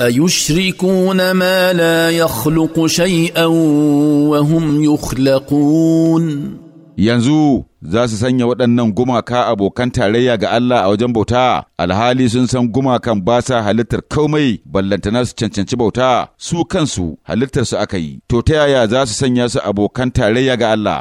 ايشركون ما لا يخلق شيئا وهم يخلقون yanzu za su sanya waɗannan gumaka abokan tarayya ga Allah a wajen bauta alhali sun san gumakan ba sa halittar komai ballantana su cancanci bauta su kansu halittar su aka yi to ta yaya za su sanya su abokan tarayya ga Allah